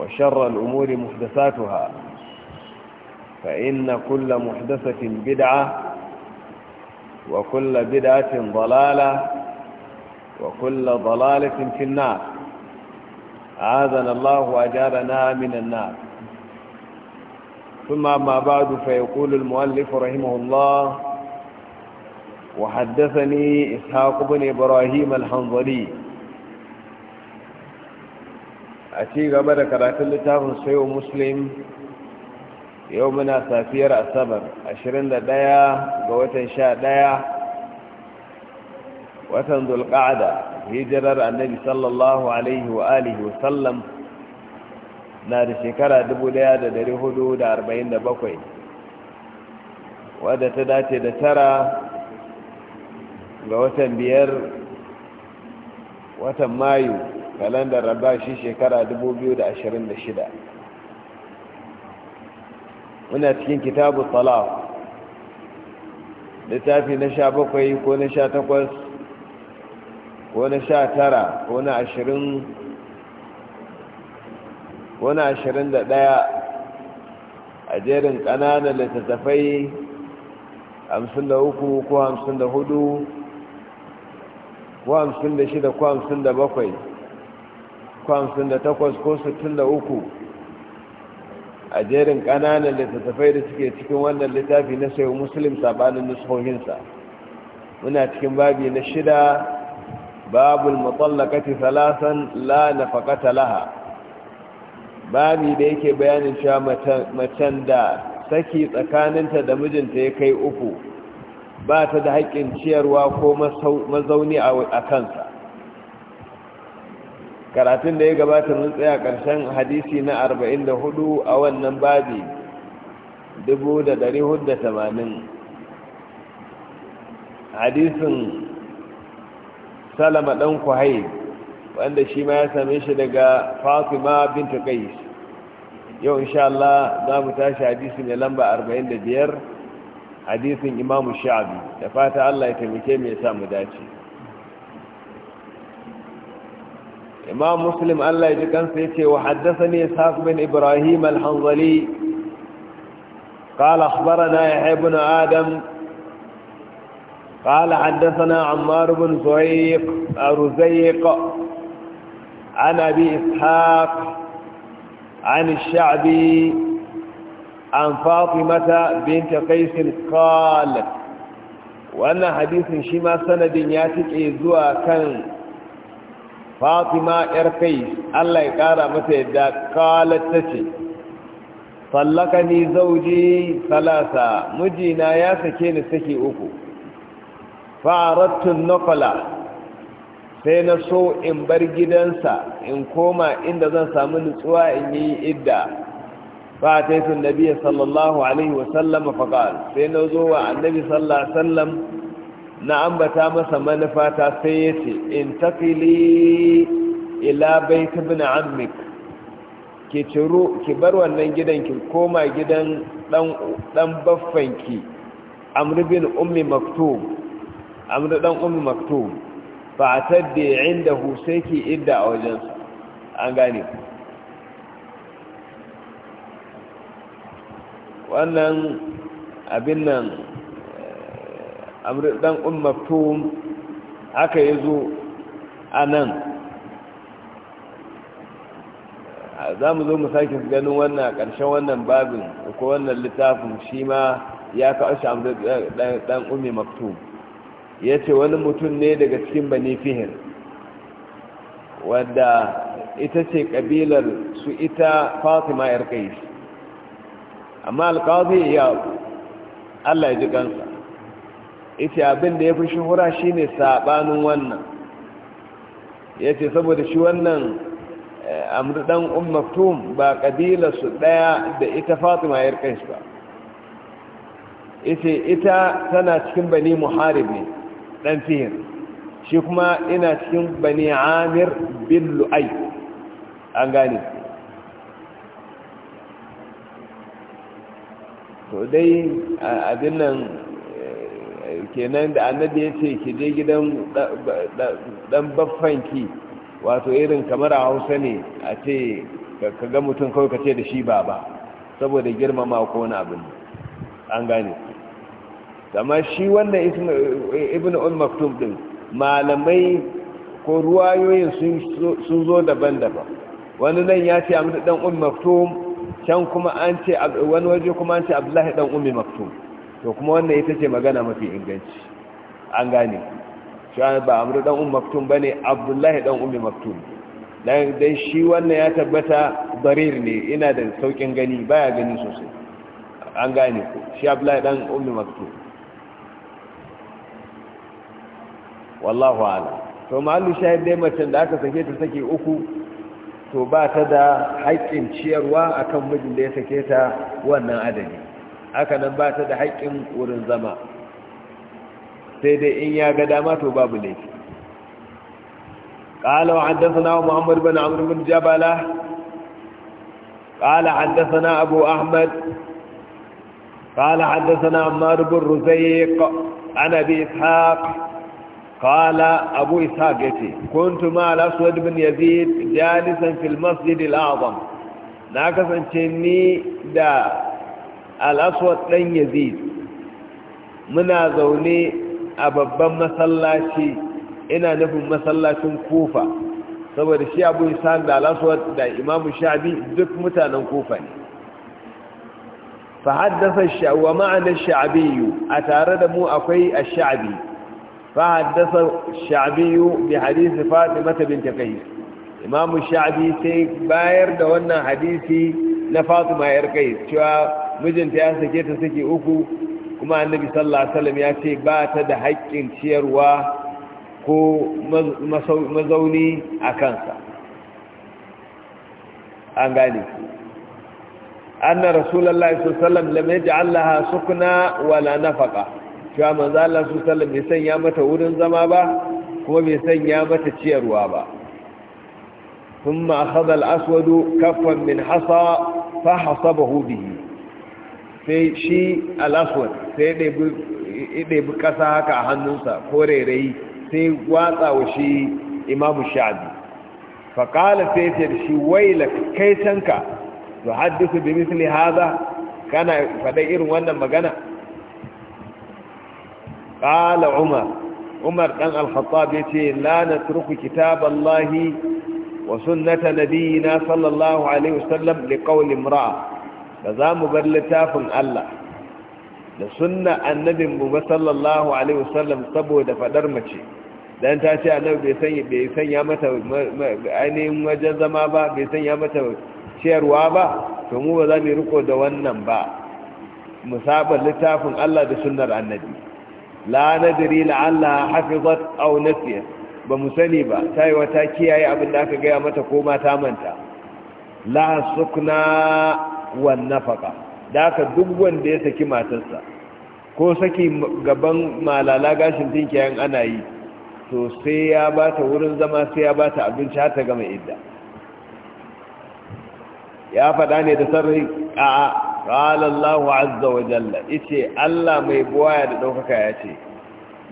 وشر الأمور محدثاتها فإن كل محدثة بدعة وكل بدعة ضلالة وكل ضلالة في النار عاذنا الله أجارنا من النار ثم ما بعد فيقول المؤلف رحمه الله وحدثني إسحاق بن إبراهيم الحنظلي a ci gaba da karatun littafin sayo muslim yau muna safiyar asabar 21 ga watan 11 watan zulqa'ada hijirar annabi sallallahu alaihi wa alihi wa na da shekara 1447 wadda ta dace da tara ga watan biyar watan mayu kalandar shi shekara dubu biyu da da ashirin shida, muna cikin kitabu talaf littafi na sha bakwai ko na sha takwas ko na sha tara ko na ashirin ko na ashirin da ɗaya a jerin ƙananan littattafai hamsin da uku ko hamsin da hudu ko hamsin da shida ko hamsin da bakwai hamsin da takwas ko sittin da uku a jerin ƙananan littattafai da suke cikin wannan littafi na sayo musulun saɓanin nusohinsa muna cikin babi na shida babul matsallakati salasan la na faƙata laha babi da yake bayanin cewa macen da saki tsakaninta da mijinta ya kai uku ba ta da haƙƙin ciyarwa ko mazauni a kansa karatun da ya gabata mun tsaya ƙarshen hadisi na 44 a wannan babi 480, hadisin salama ɗan kuhai wanda shi ma ya same shi daga fatima binta kais yau insha Allah za mu tashi hadisi mai lamba 45 hadisin imamu sha'abi da fata Allah ya taimake mai samu dace إمام مسلم الله ya ji وحدثني إسحاق بن إبراهيم الحنظلي قال أخبرنا يحيى بن آدم قال حدثنا عمار بن زهيق رزيق عن أبي إسحاق عن الشعبي عن فاطمة بنت قيس قال وأن حديث شما سند ياتيك إذوا كان fatima yar kai Allah ya kara mata yadda ce ni ni zauji salasa mijina ya sake ni saki uku fa'arattu nafala sai na so in bar gidansa in koma inda zan samu nutsuwa in yi idda Ba fa'ataitu nabiyyi sallallahu alaihi wasallam faqal sai na zo wa annabi sallallahu alaihi wasallam na ambata masa manufata sai ya ce in tafili ila baita bin amik ki ciro ki bar wannan gidan ki koma gidan dan baffanki amr bin ummi maktub amri dan ummi maktub a ataddi inda ki idda a wajen an gane wannan abin nan amr dan um maktum haka yazo anan zamu mu zo mu sake ganin wannan a ƙarshen wannan babin ko wannan littafin shi ma ya kawo shi amr dan ummi maktum ya wani mutum ne daga cikin bani fihir wadda ita ce ƙabilar su ita fatima yar kai amma alƙazi ya allah ya ji kansa ita abin da ya fi shuhura shine saɓanin wannan ya ce saboda shi wannan eh, dan ummatum ba su ɗaya da ita fatima ya rikanshi ba ita ita tana cikin bani muharib ne ɗan fihir shi kuma ina cikin bani amir bin lu'ai an gane to dai abin nan kenan da annabi ya ce ki je gidan dan baffanki wato irin kamar a hausa ne a ce ka ga mutum kawai ka ce da shi baba saboda girmama ko wani abu an gane amma shi wannan ibn ul umm maktub din malamai ko ruwayoyin sun zo daban-daban wani nan ya ce amsa dan ul-maktum umm can kuma an ce wani waje kuma an ce abdullahi dan ummi maktum to kuma wannan ita ce magana mafi inganci an gane shi ba amru dan maktun maktum bane abdullahi dan ummi maktum dan dan shi wannan ya tabbata barir ne ina da saukin gani baya gani sosai an gane shi abdullahi dan ummi maktum wallahu ala, to ma'allu shahid dai mace da aka sake ta sake uku to ba ta da haƙƙin ciyarwa akan mijin da ya sake ta wannan adadi haka nan ba da haƙƙin wurin zama sai dai in ya ga dama to babu ne ƙala wa haddasa muhammad bin amur bin jabala ƙala haddasa na abu ahmad ƙala haddasa na amur bin rusayi anabi ishaq ƙala abu ishaq ya ce kuntu ma al'asuwar bin yazid jalisan fil masjid al'azam na kasance ni da al’aswad ɗan yazid muna zaune a babban masallaci ina nufin masallacin kofa saboda shi abu isa'ad da al’aswad da imamu sha'abi duk mutanen kofa ne fahaddasa sha'uwa ma'anar sha'abi a tare da mu akwai a sha'abi fahaddasa sha'abi yiwu bi hadisi faɗi matabin takai imamu sha'abi sai bayar da wannan hadisi na fatima yar mijinta ya sake ta sake uku kuma annabi sallallahu alaihi wasallam ya ce ba ta da haƙƙin ciyarwa ko mazauni a kansa an gane anna rasulullahi sallallahu alaihi wasallam lam yaj'al laha sukna wala nafaqa cewa manzo Allah sallallahu alaihi wasallam bai sanya mata wurin zama ba kuma bai sanya mata ciyarwa ba ثم أخذ الأسود كفا من حصى فحصبه به sai shi alafon sai ɗaibi ƙasa haka a hannunsa ko rairayi sai watsa wa shi imamu sha'adi faƙala sai ce da shi waila kai canka su haddisa bi misli haza kana faɗa irin wannan magana ƙala umar umar ɗan alhattab ya ce lana turku kitab allahi wa sunnata nabiyina sallallahu alaihi wasallam da ƙaunin ra'a ba za mu bar littafin Allah da sunna annabin mu ba sallallahu alaihi wasallam saboda fadar mace dan ta ce annabi bai sanya bai sanya mata ainihin wajen zama ba bai sanya mata ciyarwa ba to mu ba za mu riko da wannan ba mu saba littafin Allah da sunnar annabi la nadri la'alla hafizat aw nasiyat ba mu sani ba tayi wata kiyaye abin da aka gaya mata ko ma ta manta la sukna wan nafaka da aka duk wanda ya saki matarsa ko saki gaban malala gashin tinkiyan ana yi to sai ya ba ta wurin zama sai ya ba ta abinci har ta gama idda ya faɗa ne da sarri a Allahu azza wa jalla ice allah mai buwaya da ɗaukaka ya ce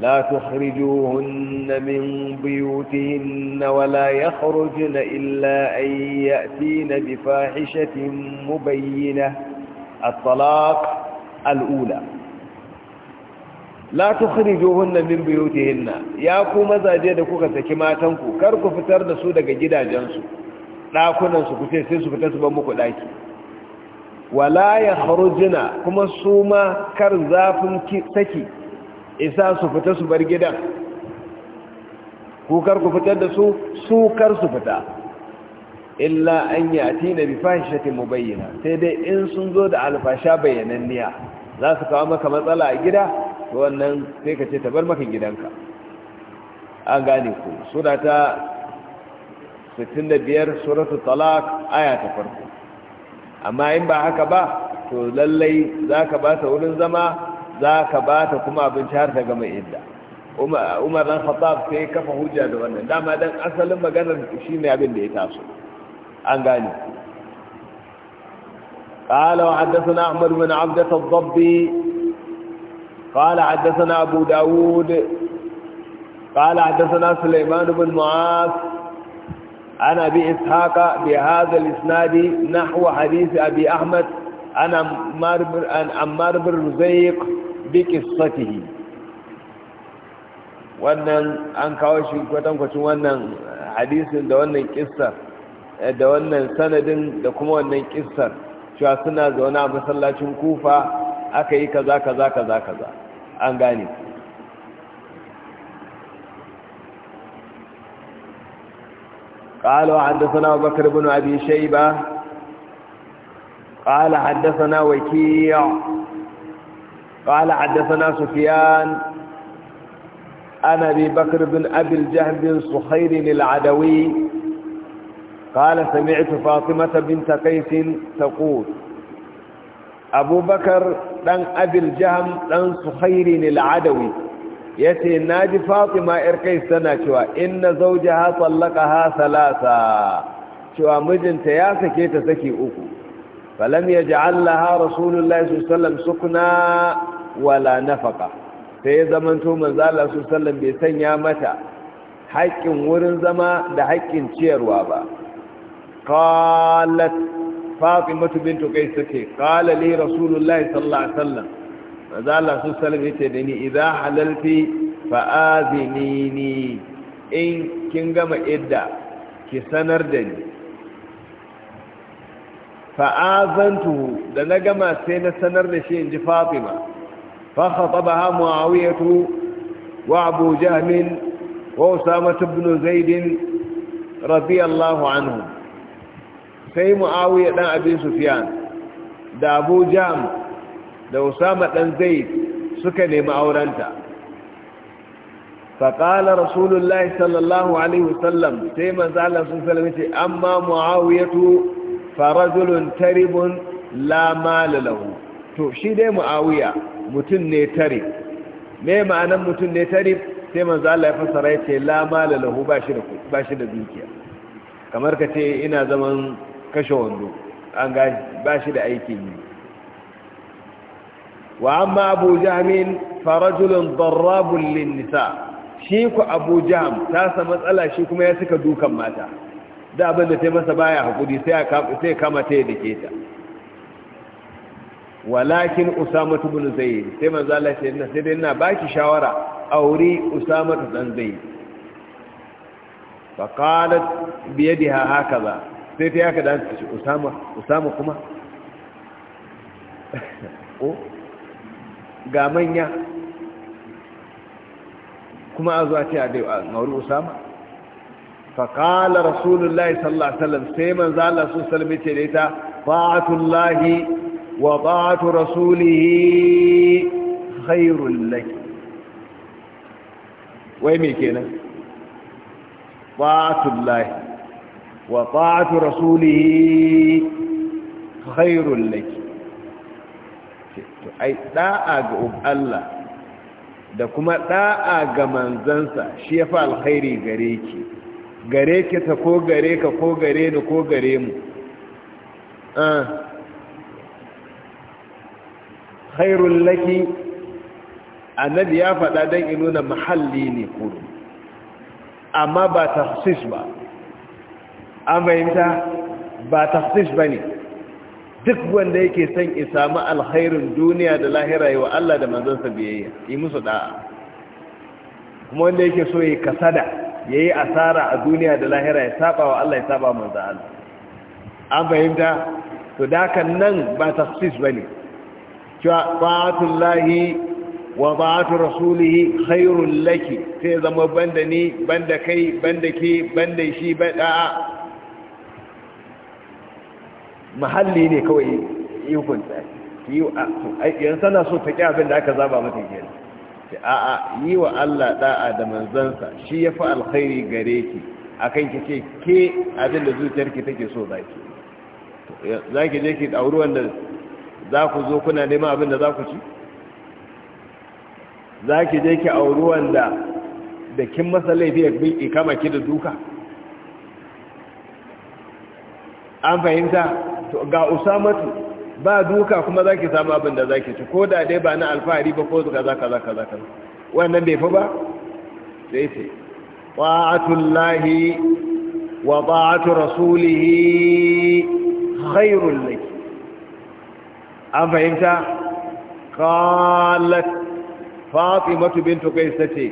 لا تخرجوهن من بيوتهن ولا يخرجن إلا أن يأتين بفاحشة مبينة الطلاق الأولى لا تخرجوهن من بيوتهن يا كوما زاجد كوكا سكما تنكو كاركو فتر نسودا جدا جنسو لا كنا نسوكو سيسو فتسو بموكو دايكي ولا يخرجنا كما سوما كرزافن سكي isa su fita su bar gidan kukar ku fitar da su su kar su fita illa an yi a bi fahishatin mu bayyana sai dai in sun zo da alfasha bayyananniya za su kawo maka matsala a gida wannan sai ka ce ta bar maka gidanka an gane ku suna ta 65 suratu talak aya ta farko amma in ba haka ba to lallai za ka ba ta wurin zama ذاك بات كما ابن شهر كما إلا عمر بن الخطاب في كفى هجا لغنى دام هذا أصلا ما قال شيء ما يبين لي تاسو أنقاني قال وحدثنا أحمد بن عبدة الضبي قال حدثنا أبو داود قال حدثنا سليمان بن معاذ أنا أبي إسحاق بهذا الإسناد نحو حديث أبي أحمد أنا عمار بن رزيق bi qissatihi wannan an kawo shi kwatankwacin wannan hadisin da wannan kissar eh, da wannan sanadin da kuma wannan kissar cewa suna zaune a masallacin kufa aka yi kaza kaza kaza kaza an gane قال حدثنا أبو بكر بن أبي شيبة قال حدثنا وكيع قال حدثنا سفيان عن ابي بكر بن ابي الجهم بن صخير العدوي قال سمعت فاطمه بنت قيس تقول ابو بكر دان ابي الجهم دان صخير العدوي yace naji Fatima yar kai tana cewa inna zawjaha talaqaha thalatha cewa mijinta ya sake ta saki uku falam yaj'al laha rasulullahi sallallahu alaihi wasallam sukna wala nafaka sai ya zamanto manzo Allah su sallan bai sanya mata haƙƙin wurin zama da haƙƙin ciyarwa ba qalat fatimatu bint qais take qala li rasulullahi sallallahu alaihi wasallam manzo Allah su sallam da ni idza halalti fa azinini in kin gama idda ki sanar da ni fa'azantuhu da na gama sai na sanar da shi in ji fatima فخطبها معاوية وأبو جهم وأسامة بن زيد رضي الله عنهم sai mu'awiyar ɗan abin sufiyan da abu jam da usama ɗan zai suka nemi aurenta faƙala rasulullahi sallallahu alaihi wasallam sai manzala sun salami amma mu'awiyatu farajulun taribun la malalahu to shi dai mu'awiya mutum ne tare me ma'anan mutum ne tare sai manzo Allah ya fassara yace la mala lahu ba shi da ba da dukiya kamar ka ce ina zaman kashe wando an ga ba shi da aikin yi wa amma abu jahmin rajulun darrabun lin nisa shi ku abu jam ta sa matsala shi kuma ya suka dukan mata da abin da ta masa baya hakuri sai ya kama ta ya dake ta walakin usama ibn zayd sai manzo Allah ya ce sai dai ina baki shawara auri usama dan zayd fa qalat bi yadiha hakaza sai ta yaka dan usama usama kuma ko oh, ga manya kuma a zuwa ce a dai auri usama fa qala rasulullahi sallallahu alaihi wasallam sai manzo Allah sallallahu alaihi wasallam ce da ita fa'atullahi وطاعة رسوله خير لك ويمي طاعة الله وطاعة رسوله خير لك ai da'a ga Allah da kuma da'a ga manzansa shi ya fa alkhairi gare ki gare ki ta ko gare ka ko gare ni ko gare mu khairul laki annabi ya faɗa don inuna mahalli ne kudu amma ba tafsis ba an fahimta ba tafsis ba ne duk wanda yake son isami alkhairin duniya da lahira yi wa Allah da manzansa biyayya yi musu da'a kuma wanda yake so yi kasada ya yi asara a duniya da lahira ya saba wa Allah ya saba manzan Allah an fahimta to dakan nan ba tafsis ba ne cewa ba'atun wa ba'atun rasulihi khairun laki sai zama banda ni banda kai banda ke banda shi bada mahalli ne kawai ikon yi a yan sana so ta abin da aka zaba mata ke a'a yi wa Allah ɗa'a da manzansa shi ya fi alkhairi gare ki A akan ki ce ke abin da zuciyarki take so za ki? Za ki je ki dauri wanda za ku zo kuna neman abin da za ku ci za ki je ki auri wanda da kin masa laifi ya bi kama ki da duka an fahimta ga usamatu ba duka kuma za ki samu abin da za ki ci ko da dai ba na alfahari ba ko zuka za ka za ka za ka wannan bai fi ba sai ce lahi wa ba'atu rasulihi khairul laki an fahimta qalat fatimatu bintu qais tace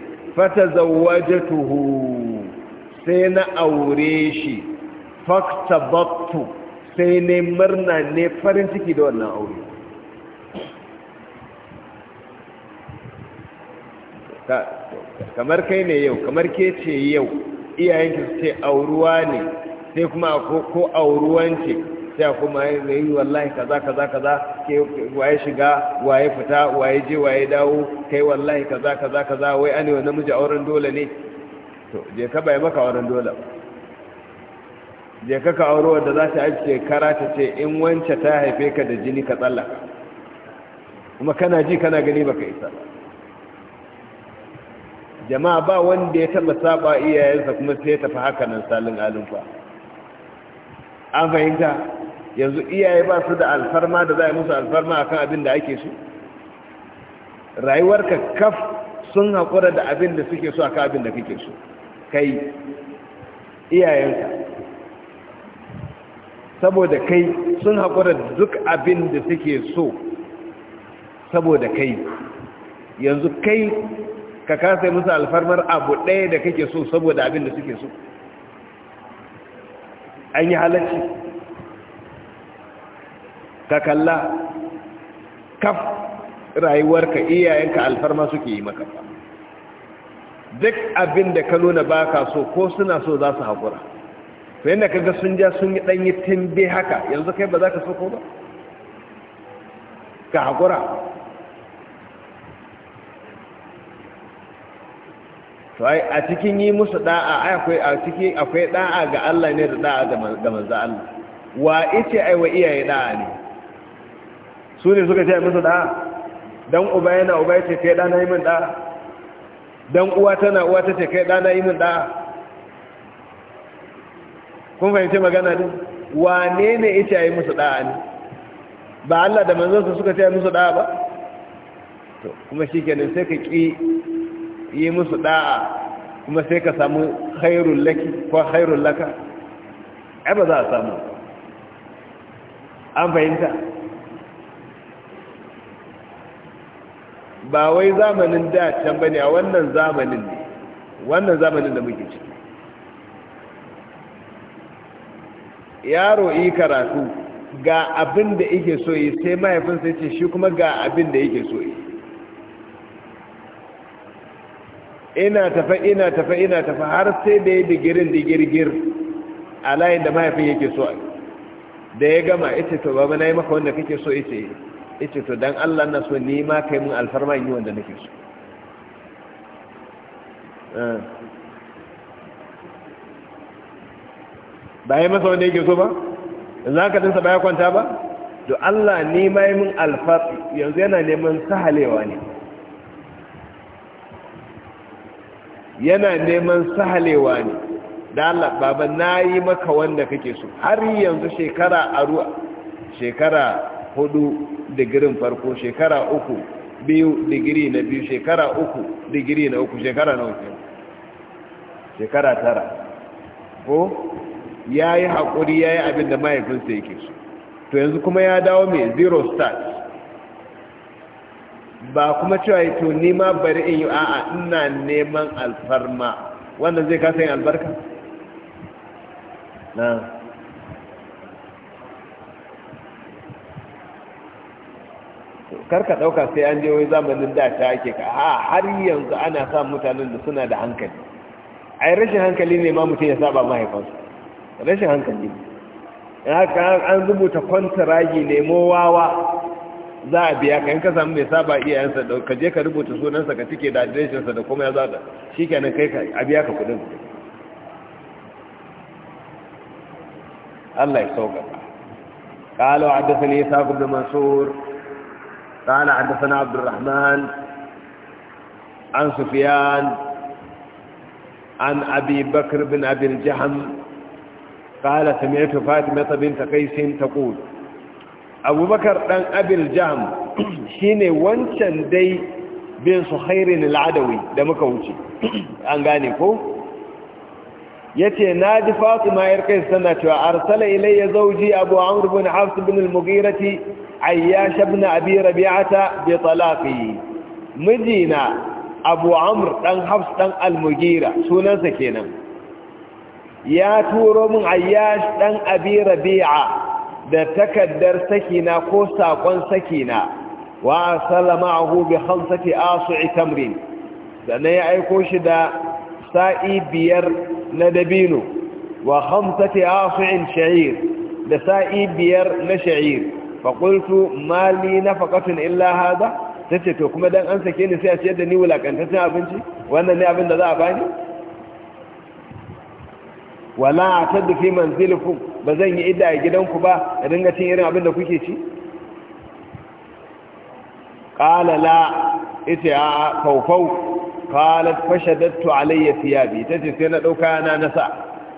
tuhu. sai na aure shi faktabattu sai ne murna ne farin ciki da wannan aure kamar kai ne yau kamar ke ce yau iyayenki su ce auruwa ne sai kuma ko auruwanci. sai kuma ya yi wallahi kaza kaza kaza ke waye shiga waye fita waye je waye dawo kai wallahi kaza kaza kaza wai anewa namiji auren dole ne to je ka bai maka auren dole je ka ka auro wanda za ta aiki kara ta ce in wance ta haife ka da jini ka tsallaka kuma kana ji kana gani baka isa jama'a ba wanda ya taba saba iyayensa kuma sai ya tafi haka nan salin alimfa an fahimta yanzu iyaye ba su da alfarma da za a yi musu alfarma a kan abin da ake su ka kaf sun haƙura da abin da suke so kan abin da kake so kai iyayenka saboda kai sun haƙura da duk abin da suke so saboda kai yanzu kai ka kasa musu alfarmar abu ɗaya da kake so saboda abin da suke so an yi halacci ka kalla kaf rayuwarka iyayenka alfarma suke yi maka duk abin da ka nuna baka so ko suna so za su haƙura to yadda kaga sun ja sun yi ɗanyi tambe haka yanzu kai ba za ka so ko ba ka haƙura a cikin yi musu da'a akwai a cikin akwai da'a ga Allah ne da da'a ga manzo Allah wa ice ai wa iyaye da'a ne su ne suka ce musu da Don uba yana uba ya ce kai dana yi min da Don uwa tana uwa ta ce kai dana yi min da kun fahimci magana ne wane ne ya ayi musu da ne ba Allah da manzonsa suka ce musu da ba to kuma shikenan sai ka ki yi musu da'a kuma sai ka samu hairun laki ko hairun laka ai ba za a samu an fahimta ba wai zamanin da can bane a wannan zamanin ne wannan zamanin da muke ciki yaro yi karatu ga abin da yake so yi sai mahaifinsa ce shi kuma ga abin da yake so yi ina tafa ina tafa ina tafa har sai da ya digirin digirgir a layin da mahaifin yake so da ya gama ita to ba mana yi maka wanda kake so ita yi ita to dan Allah na so ni ma kai mun alfarma yi wanda nake so eh. ba yi masa wanda yake so ba yanzu haka dinsa ba ya kwanta ba to Allah ni ma yi mun alfar yanzu yana neman sahalewa ne yana neman sahalewa ne da Allah baba na yi maka wanda kake so har yanzu shekara aru shekara hudu digirin farko shekara uku biyu digiri na biyu shekara uku digiri na uku shekara na uku shekara tara ko ya yi haƙuri ya yi abin da mahaifinsa yake su to yanzu kuma ya dawo mai zero start ba kuma cewa yi to nima bari in yi a'a ina neman alfarma wannan zai kasa yin albarka na karka ɗauka sai an je wai zamanin da ta ake ka a har yanzu ana sa mutanen da suna da hankali ai rashin hankali ne ma mutum ya saba mahaifansu rashin hankali ne haka an rubuta kwantaragi nemo wawa za a biya ka in ka samu mai saba iyayensa da ka je ka rubuta sunansa ka cike da adireshinsa da kuma ya zaɗa shi kenan kai ka a biya ka kudin Allah ya sauƙaƙa قالوا حدثني إسحاق بن منصور قال حدثنا عبد الرحمن عن سفيان عن أبي بكر بن أبي الجحم قال سمعت فاطمة بنت قيس تقول أبو بكر بن أبي الجحم شيني وانشان دي بن سخير العدوي ده مكوشي أنغاني فوق yace naji Fatima yar kai tana cewa arsala ilayya zauji Abu Amr bin Hafs bin al-Mughirati Ayyash ibn Abi Rabi'ata bi talaqi mijina Abu Amr dan Hafs dan al-Mughira sunansa kenan ya turo min Ayyash dan Abi Rabi'a da takaddar sakina ko sakon sakina wa sallama ahu bi khamsati as'i tamrin sannan ya aiko shi da sa'i biyar na dabino wa hamsati afi'in sha'ir da sa'i biyar na sha'ir faƙultu mali na faƙatun illa haza ta ce to kuma don an sake ni sai a ciyar da ni wulaƙantaccen abinci wannan ne abin da za a bani wala a tadda fi ba zan yi idda a gidanku ba a dinga cin irin abin da kuke ci qala la ita a faufau qalat fashadattu alayya thiyabi tace sai na dauka na nasa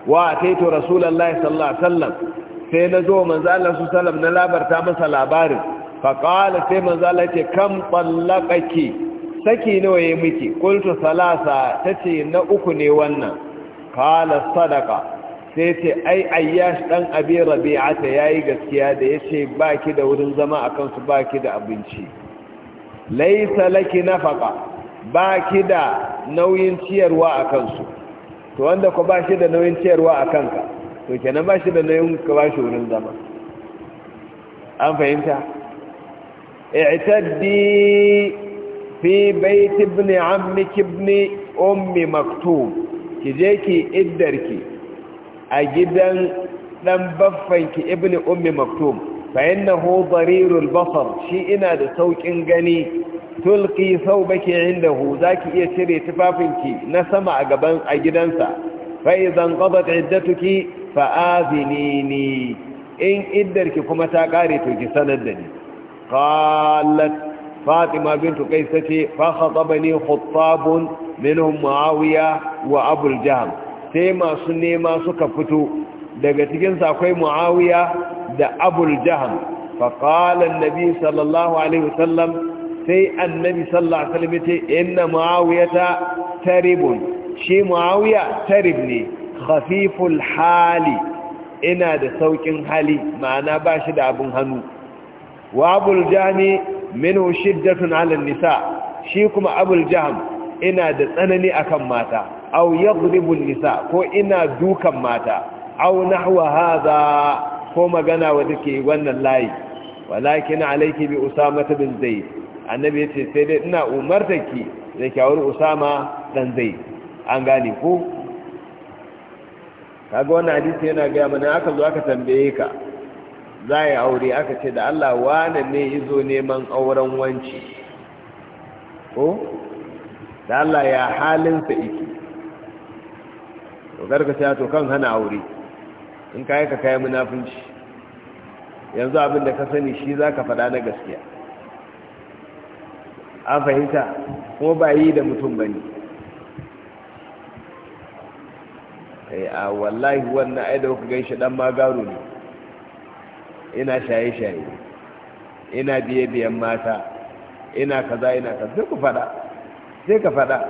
wa ataitu rasulullahi sallallahu alaihi sai na zo manzo Allah sallam na labarta masa labarin fa qala sai manzo yace kam tallaqaki saki nawa ya miki qultu salasa na uku ne wannan qala sadaka. sai ce ai ayyash dan abi rabi'ata yayi gaskiya da yace baki da wurin zama akan su baki da abinci laisa laki nafaka ba ki da nauyin ciyarwa a kansu to wanda ku ba shi da nauyin ciyarwa a kanka to kenan ba shi da nauyin ka ba shi wurin zama an fahimta i'taddi fi bait ibn ammi ibn ummi maktub ki je ki iddarki a gidan dan baffanki ibn ummi maktub fa’in barirul bafar shi ina da sauƙin gani tulki sau bake inda hu za ki iya cire tufafinki na sama a gaban a gidansa fa’izan ƙwazar ƙiddatuki fa’azini ne in iddarki kuma ta ƙare tuki sanar da ni ƙalat fatima bin tukai ta ce faha zaba ne hutsabun minhum wa abul sai masu nema suka fito daga cikinsa akwai ma'awiya da abul jaham faƙalar nabi sallallahu alaihi wasallam sai annabi sallallahu alaihi wasallam ce inna ma'awiyata taribun shi ma'awiya tarib ne khafiful hali ina da saukin hali ma'ana ba shi da abin hannu wa abul jami minhu shiddatun ala nisa shi kuma abul ina da tsanani akan mata aw yadribu nisa ko ina dukan mata aw nahwa hadha ko magana wa ke wannan layi walakin alaiki bi usama ta bin zai annabi ce sai dai ina umarta ki da kyawar usama dan zai an gane ko kaga wannan hadisi yana gaya mana aka zo aka tambaye ka za yi aure aka ce da Allah wane ne zo neman auren wanci ko da Allah ya halinsa iki to garka sai to kan hana aure in kai ka kai munafunci yanzu abin da ka sani shi za ka faɗa na gaskiya an fahimta kuma ba yi da mutum ba ne eh, a wallahi wannan ai da kuka gan shi ɗan magaru ne ina shaye-shaye ina biye-biyen mata ina kaza ina kaza sai ku faɗa sai ka faɗa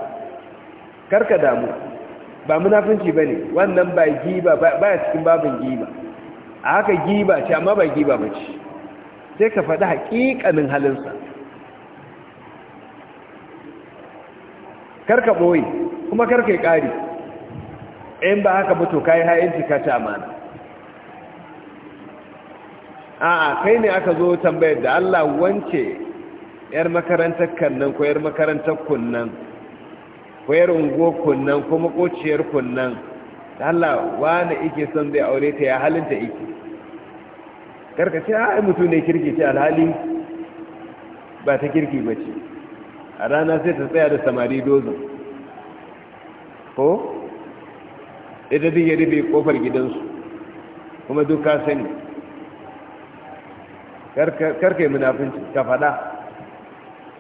karka damu ba munafunci ba ne wannan ba giba ba cikin babin giba a haka giba ce amma ba giba ba ce sai ka faɗi haƙiƙanin halinsa karka ɓoye kuma karka yi ƙari in ba haka mutu ka yi ha'inci ka ci amana a'a kai ne aka zo tambayar da Allah wance yar makarantar kannan ko yar makarantar kunnan ko yar unguwar kunnan ko makociyar kunnan Da Allah wani ike son zai aure ta ya halinta ike karkace a mutu ne kirki ce alhali ba ta kirki ba ce a rana sai ta tsaya da samari dozin ko ita zai ya rufe kofar gidansu kuma duk ka sani karka yi munafinci ka faɗa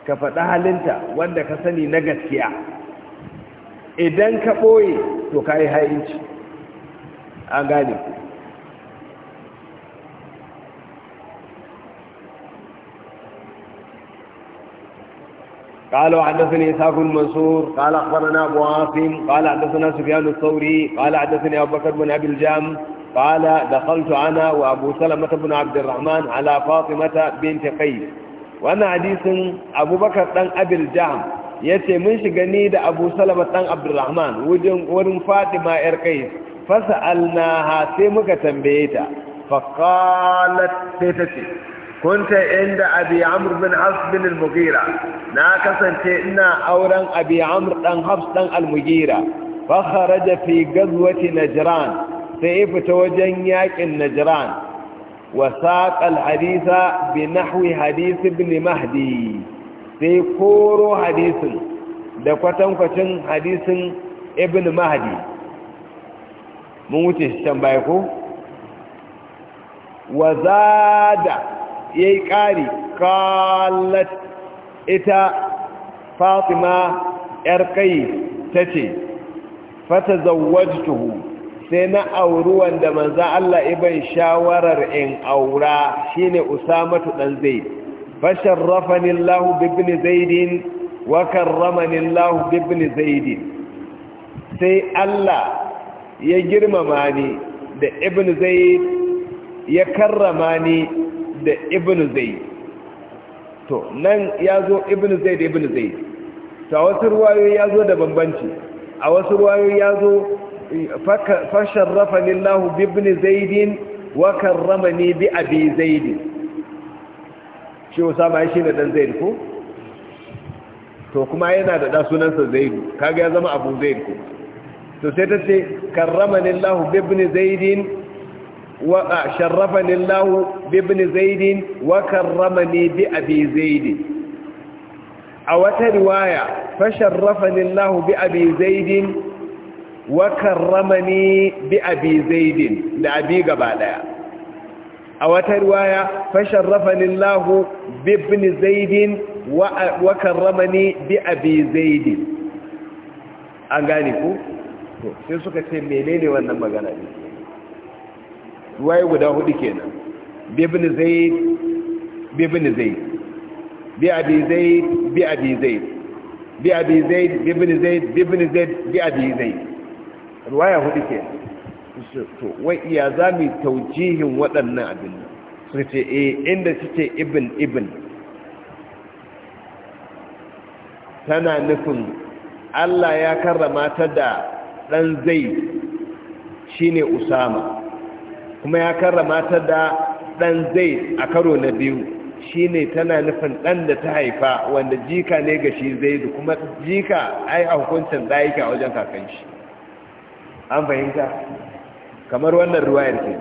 ka fada halinta wanda ka sani na gaskiya idan ka ɓoye to ka yi ha'inci an gane قال قالوا حدثني إسحاق بن قال أخبرنا أبو عاصم قال حدثنا سفيان الثوري قال حدثني أبو بكر بن أبي الجام قال دخلت أنا وأبو سلمة بن عبد الرحمن على فاطمة بنت قيس وأنا حديث أبو بكر بن أبي الجام yace mun shiga ni da Abu Salama dan Abdulrahman wajen wurin Fatima فسألناها سيمك تنبيتا فقالت تتتي كنت عند أبي عمرو بن حفص بن المغيرة ناكسا تئنا أورا أبي عمرو بن حفص بن المغيرة فخرج في قضوة نجران سيف توجنياك النجران وساق الحديث بنحو حديث ابن مهدي سيكورو حديث دكوتنكوشن حديث ابن مهدي mun wuce tambaye ko Wazada ya yi ƙari ita fatima ‘yar kai ta ce fata sai na auri wanda manza Allah iban shawarar in aura shine usamatu dan zaid fasharrafani Allah bibni zaidin wa karramani Allah bibni zaidin sai Allah ya girmama ni da ibn zaid ya karrama ni da ibn zaid to nan ya zo ibn zaid ibn zaid to a wasu ruwayoyi ya zo da bambanci a wasu ruwayoyi ya zo fasharrafa lillahu bi ibn zaidin wa karramani bi abi zaidin shi usama shi ne dan zaid ko to kuma yana da da sunansa zaidu kaga ya zama abu zaid ko to sai ta ce karramani Allah bibni zaidin wa sharrafani Allah bibni zaidin wa karramani bi abi zaidin a wata riwaya fa sharrafani Allah bi abi zaidin wa karramani bi abi zaidin da abi gaba daya a wata riwaya fa sharrafani Allah bibni zaidin wa karramani bi abi zaidin an gane ku to sai suka ce menene wannan magana ne ruwaye guda hudu kenan bibin zaid bibin zaid bi abi zaid bi abi zaid bi abi zaid bibin zaid bibin zaid bi abi zaid ruwaya hudu kenan to wai iya zamu taujihin waɗannan abin su ce eh inda suke ibn ibn tana nufin Allah ya karrama ta da ɗan zai shine usama kuma ya karrama ta da ɗan zai a karo na biyu shine tana nufin ɗan da ta haifa wanda jika ne ga shi da kuma jika ai a hukuncin da yake a wajen kakan shi an fahimta kamar wannan ruwayar ke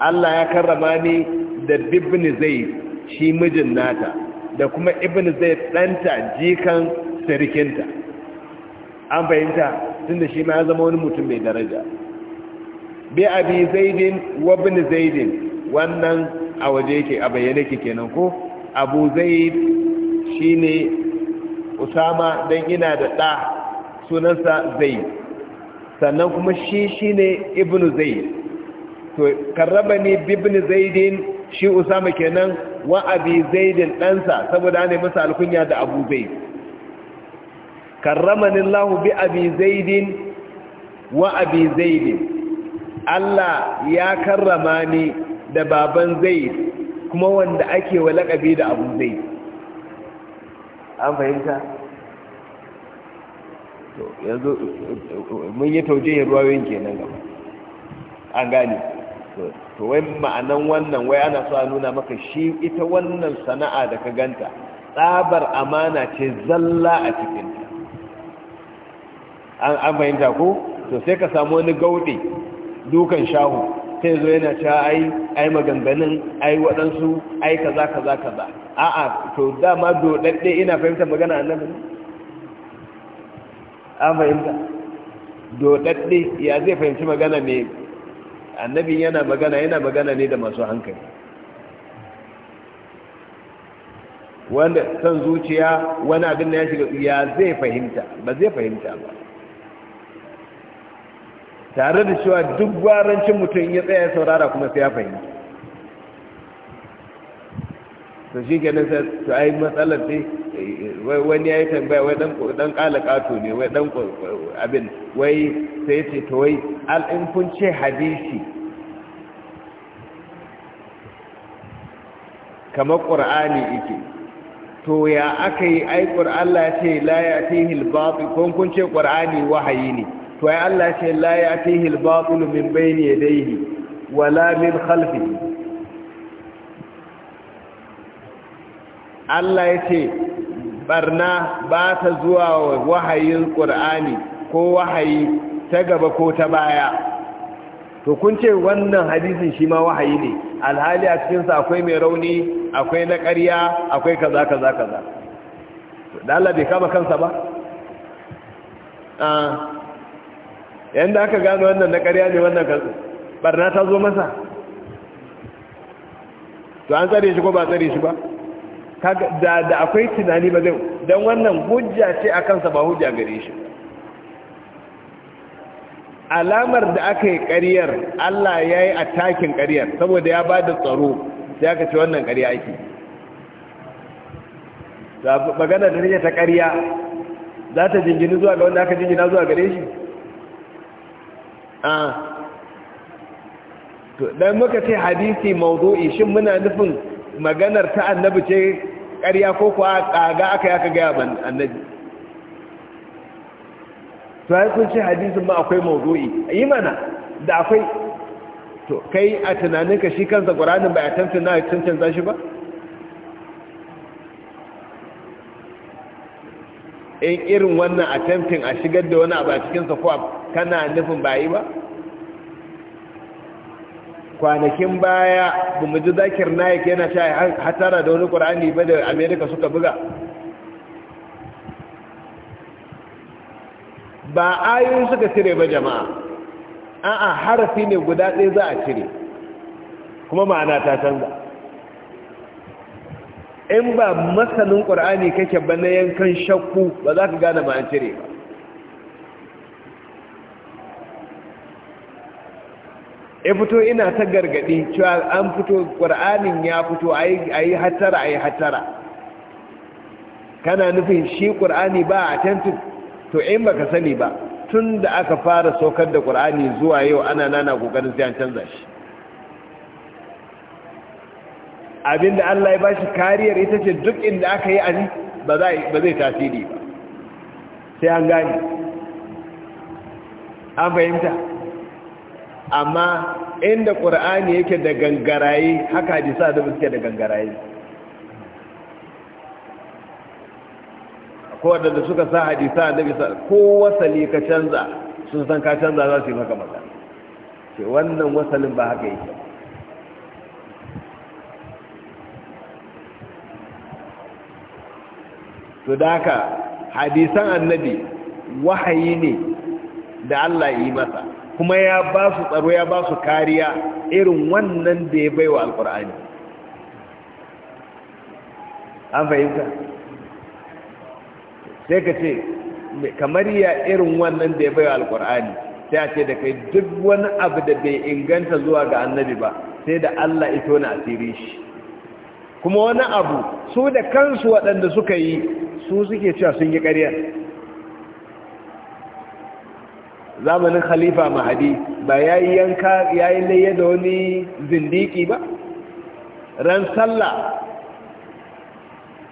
Allah ya karrama ni da ibn zai shi mijin nata da kuma ibn zai ɗanta jikan sarkinta an fahimta tunda shi ma ya zama wani mutum mai daraja bi abi zaidin wa ibn zaidin wannan a waje yake a bayyane ke kenan ko abu zaid shine usama dan ina da da sunansa zaid sannan kuma shi shine ibn zaid to karrabani bi ibn zaidin shi usama kenan wa abi zaidin ɗansa saboda ne masa alkunya da abu zaid karramanin lahu bi abi zaidin wa abi zaidin Allah ya karrama ni da baban zaid kuma wanda ake wa laƙabi da abu zaid an fahimta yanzu mun yi tauje taujiyar ruwayoyin kenan gaba an gane to wai ma'anan wannan wai ana so a nuna maka shi ita wannan sana'a da ka ganta tsabar amana ce zalla a cikinta an bayanta ko to sai ka samu wani gauɗe dukan shahu sai zo yana cewa ai ai maganganun ai waɗansu ai kaza kaza kaza a'a to dama doɗaɗɗe ina fahimta magana annabi ne an fahimta doɗaɗɗe ya zai fahimci magana ne annabi yana magana yana magana ne da masu hankali wanda son zuciya wani abin da ya shiga ya zai fahimta ba zai fahimta ba tare da cewa duk gwarancin mutum ya tsaye saurara kuma sai ya fahimta to shi ganin sai to ai matsalar ce wai wani yayi tambaya wai dan dan kala kato ne wai dan abin wai sai ce to wai al in kun ce hadisi kamar qur'ani yake to ya aka yi ai qur'an Allah ya ce la yatihi al-batil kun kun ce qur'ani wahayi ne to ai Allah ce la ya al-batil min bayni yadayhi wala min khalfi. Allah yace barna ba ta zuwa wahayin Qur'ani ko wahayi ta gaba ko ta baya to kun ce wannan hadisin shi ma wahayi ne alhali a cikinsa akwai mai rauni akwai na ƙarya akwai kaza kaza kaza da Allah bai kama kansa ba ah, yayin da aka gano wannan na ƙarya ne wannan kan barna ta zo masa to an tsare shi ko ba tsare shi ba da akwai tunani ba zai don wannan hujja ce a kansa ba hujja gare shi alamar da aka yi ƙaryar Allah ya yi a takin ƙaryar saboda ya ba da tsaro sai aka ce wannan ƙarya ake magana da ta ƙarya za ta jingini zuwa ga wanda aka jingina zuwa gare shi a to dan muka ce hadisi mawdu'i shin muna nufin maganar ta annabi ce ƙarya ko kuwa kaga aka yaka ga ban annabi to ai kun ce hadisin ma akwai mawdu'i yi mana da akwai to kai a tunaninka shi kansa qur'anin ba ya tantance na tantance shi ba in irin wannan attempting a shigar da wani abu a cikinsa ko kana nufin bayi ba kwanakin baya mu ji zakir naik yana sha hatara da wani ƙura'ani ba da amerika suka buga ba ayoyin suka cire ba jama'a a'a harafi ne guda ɗaya za a cire kuma ma'ana ta canza in ba masanin ƙwar'ani kake ba na yankan shakku ba za ka gane ba an cire ba ya fito ina ta gargaɗi cewa an fito ƙwar'anin ya fito a yi hattara a yi hattara kana nufin shi ƙwar'ani ba a tentu to in ba ka sani ba tun da aka fara saukar da ƙwar'ani zuwa yau ana nana ƙoƙarin sai an canza shi abinda Allah ya bashi kariyar ita ce duk inda aka yi ani ba zai tasiri ba sai an gani an fahimta amma inda ƙura'ani yake da gangaraye haka hadisa da suke da gangaraye kowadda da suka sa hadisa da bisa ko wasali ka canza sun san ka canza za su yi maka maka ce wannan wasalin ba haka yake ba to da haka hadisan annabi wahayi ne da Allah yi masa kuma ya ba su tsaro ya ba su kariya irin wannan da ya baiwa alkur'ani an fahimta sai ka ce kamar ya irin wannan da ya baiwa alkur'ani sai a ce da kai duk wani abu da bai inganta zuwa ga annabi ba sai da Allah ito na asiri shi kuma wani abu su da kansu waɗanda suka yi su suke cewa sun yi ƙarya zamanin khalifa mahadi ba ya yi yanka ya yi laye da wani zindiki ba ran sallah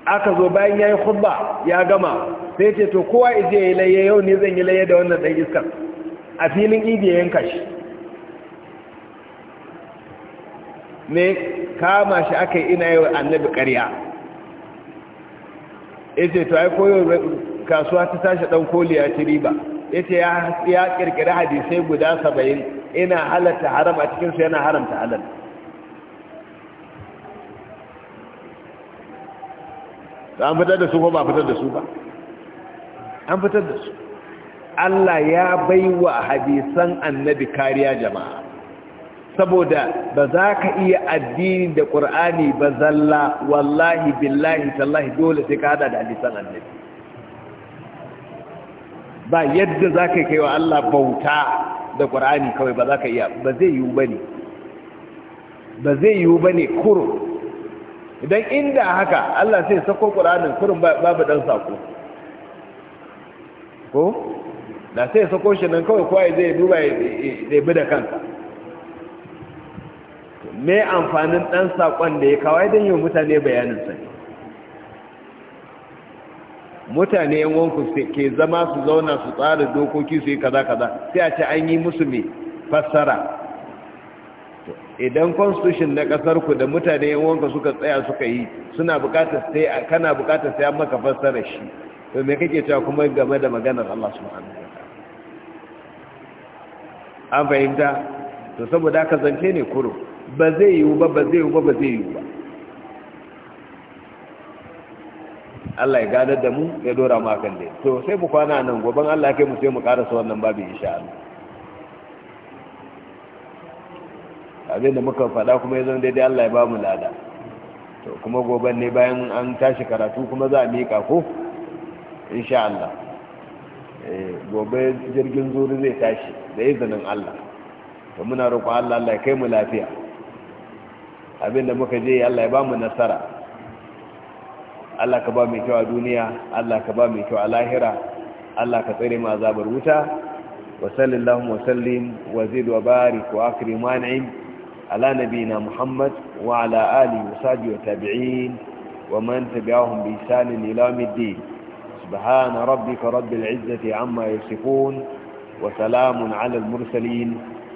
aka zo bayan ya yi hudba ya gama sai ce to kowa ije ya yi laye yau ne zan yi laye da wannan ɗan iskar a filin idi yanka shi kama shi aka yi ina yau annabi ƙarya ya ce to ai koyo kasuwa ta tashi ɗan koliya ci riba ya ce ya ƙirƙiri hadisai guda saba'in ina halatta haram a cikinsu yana haramta halal an fitar da su ko ba fitar da su ba an fitar da su Allah ya bai wa hadisan annabi kariya jama'a saboda ba za ka iya addini da ƙur'ani ba zalla wallahi billahi tallahi dole sai ka hada da hadisan annabi ba yadda za ka kai wa Allah bauta da ƙur'ani kawai ba za ka iya ba zai yiwu ba ne ba zai yiwu ba ne kuro idan inda haka Allah sai sako ƙur'anin kurin babu ɗan sako ko da sai sako shi nan kawai kawai zai duba ya bi da kansa me amfanin ɗan saƙon da ya kawai don yau mutane bayanin sa mutane yan wanku ke zama su zauna su tsara dokoki su yi kaza kaza sai a ce an yi musu mai fassara idan constitution na kasar ku da mutane yan wanka suka tsaya suka yi suna bukatar sai kana bukatar sai an maka fassara shi to me kake cewa kuma game da maganar Allah subhanahu ta'ala an fahimta to saboda haka zance ne kuro ba zai yiwu ba ba zai yiwu ba ba zai yiwu ba Allah ya gadar da mu ya dora mu akan dai to sai mu kwana nan goban Allah kai mu sai mu karasa wannan babu insha Allah abin da muka faɗa kuma ya zama daidai Allah ya ba mu lada to kuma goban ne bayan an tashi karatu kuma za a miƙa ko insha Allah eh, gobe jirgin zuri zai tashi da izinin Allah to muna roƙon Allah Allah ya kai mu lafiya abinda muka je Allah ya bamu nasara Allah ka ba mu kyau a duniya Allah ka ba mu kyau a lahira Allah ka tsare mu azabar wuta wa sallallahu wa sallim wa zid wa barik wa akrim wa an'im ala nabina Muhammad wa ala ali wa sahbihi wa tabi'in wa man tabi'ahum bi ihsan ila yawmiddin subhana rabbika rabbil izzati amma yasifun وسلام على المرسلين